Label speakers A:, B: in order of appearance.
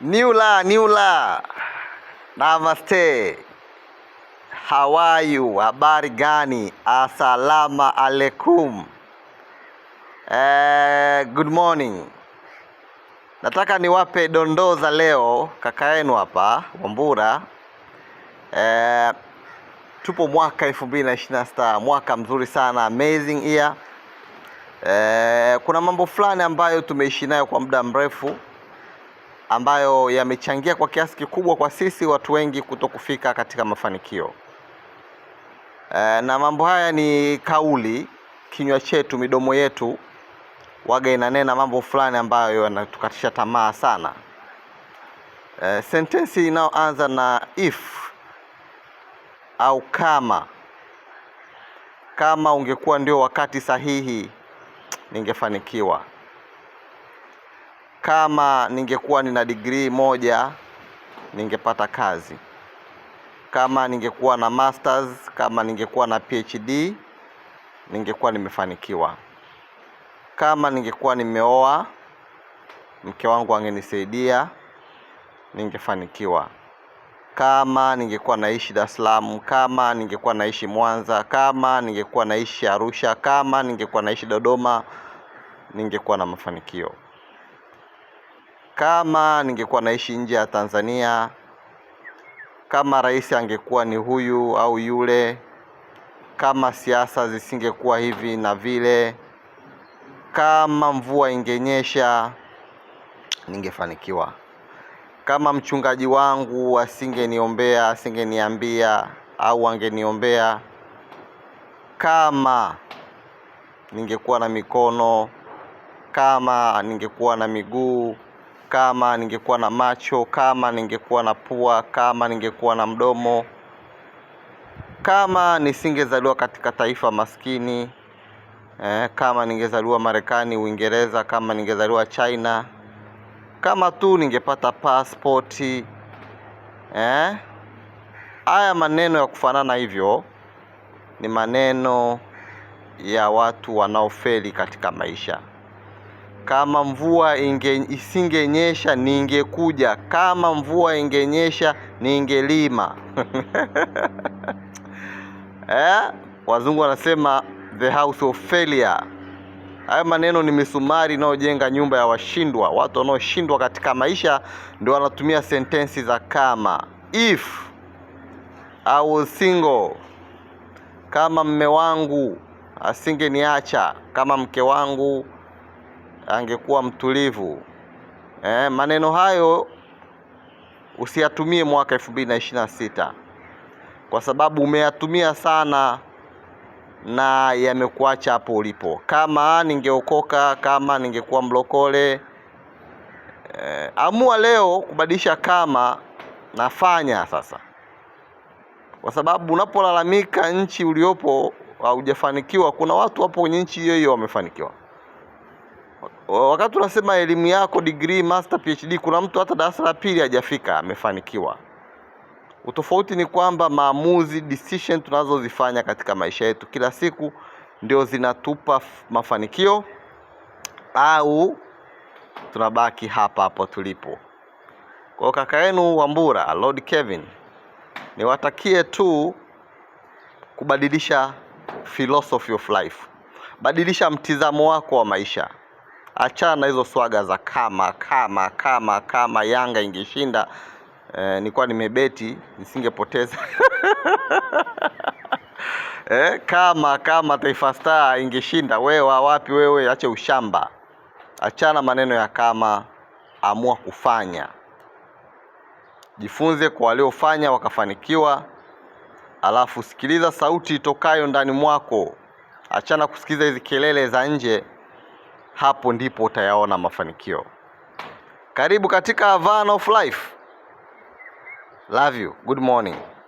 A: Niula, Niula. Namaste. How are you? Habari gani? Asalama alaikum. Uh, eh, good morning. Nataka niwape dondoo za leo kaka yenu hapa Wambura. Eh, tupo mwaka 2026, mwaka mzuri sana, amazing year. Eh, kuna mambo fulani ambayo tumeishi nayo kwa muda mrefu ambayo yamechangia kwa kiasi kikubwa kwa sisi watu wengi kuto kufika katika mafanikio. E, na mambo haya ni kauli, kinywa chetu, midomo yetu waga inanena mambo fulani ambayo yanatukatisha tamaa sana. E, sentensi inayoanza na if au kama, kama ungekuwa ndio wakati sahihi ningefanikiwa. Kama ningekuwa nina degree moja ningepata kazi, kama ningekuwa na masters, kama ningekuwa na PhD ningekuwa nimefanikiwa. Kama ningekuwa nimeoa, mke wangu angenisaidia, ningefanikiwa. Kama ningekuwa naishi Dar es Salaam, kama ningekuwa naishi Mwanza, kama ningekuwa naishi Arusha, kama ningekuwa naishi Dodoma, ningekuwa na mafanikio. Kama ningekuwa naishi nje ya Tanzania, kama rais angekuwa ni huyu au yule, kama siasa zisingekuwa hivi na vile, kama mvua ingenyesha, ningefanikiwa. Kama mchungaji wangu asingeniombea, asingeniambia au angeniombea, kama ningekuwa na mikono, kama ningekuwa na miguu kama ningekuwa na macho, kama ningekuwa na pua, kama ningekuwa na mdomo, kama nisingezaliwa katika taifa maskini eh, kama ningezaliwa Marekani, Uingereza, kama ningezaliwa China, kama tu ningepata pasipoti eh. Haya maneno ya kufanana hivyo ni maneno ya watu wanaofeli katika maisha. Kama mvua inge, isingenyesha ningekuja. Kama mvua ingenyesha ningelima. Eh, wazungu wanasema the house of failure. Hayo maneno ni misumari inayojenga nyumba ya washindwa. Watu wanaoshindwa katika maisha ndio wanatumia sentensi za kama. If I was single, kama mme wangu asingeniacha, kama mke wangu angekuwa mtulivu. eh, maneno hayo usiyatumie mwaka 2026 kwa sababu umeyatumia sana na yamekuacha hapo ulipo. Kama ningeokoka, kama ningekuwa mlokole. eh, amua leo kubadilisha kama nafanya sasa, kwa sababu unapolalamika nchi uliopo haujafanikiwa, kuna watu wapo kwenye nchi hiyo hiyo wamefanikiwa wakati unasema elimu yako degree, master, PhD, kuna mtu hata darasa la pili hajafika amefanikiwa. Utofauti ni kwamba maamuzi, decision tunazozifanya katika maisha yetu kila siku ndio zinatupa mafanikio au tunabaki hapa hapo tulipo. Kwa kaka yenu Wambura Lord Kevin, niwatakie tu kubadilisha philosophy of life, badilisha mtizamo wako wa maisha achana na hizo swaga za kama kama kama kama Yanga ingeshinda eh, nilikuwa nimebeti nisingepoteza eh, kama kama Taifa Star ingeshinda. Wewe wapi wewe, acha ushamba, achana maneno ya kama, amua kufanya. Jifunze kwa waliofanya wakafanikiwa, alafu sikiliza sauti itokayo ndani mwako, achana kusikiliza hizi kelele za nje hapo ndipo utayaona mafanikio. Karibu katika Van of Life. Love you. Good morning.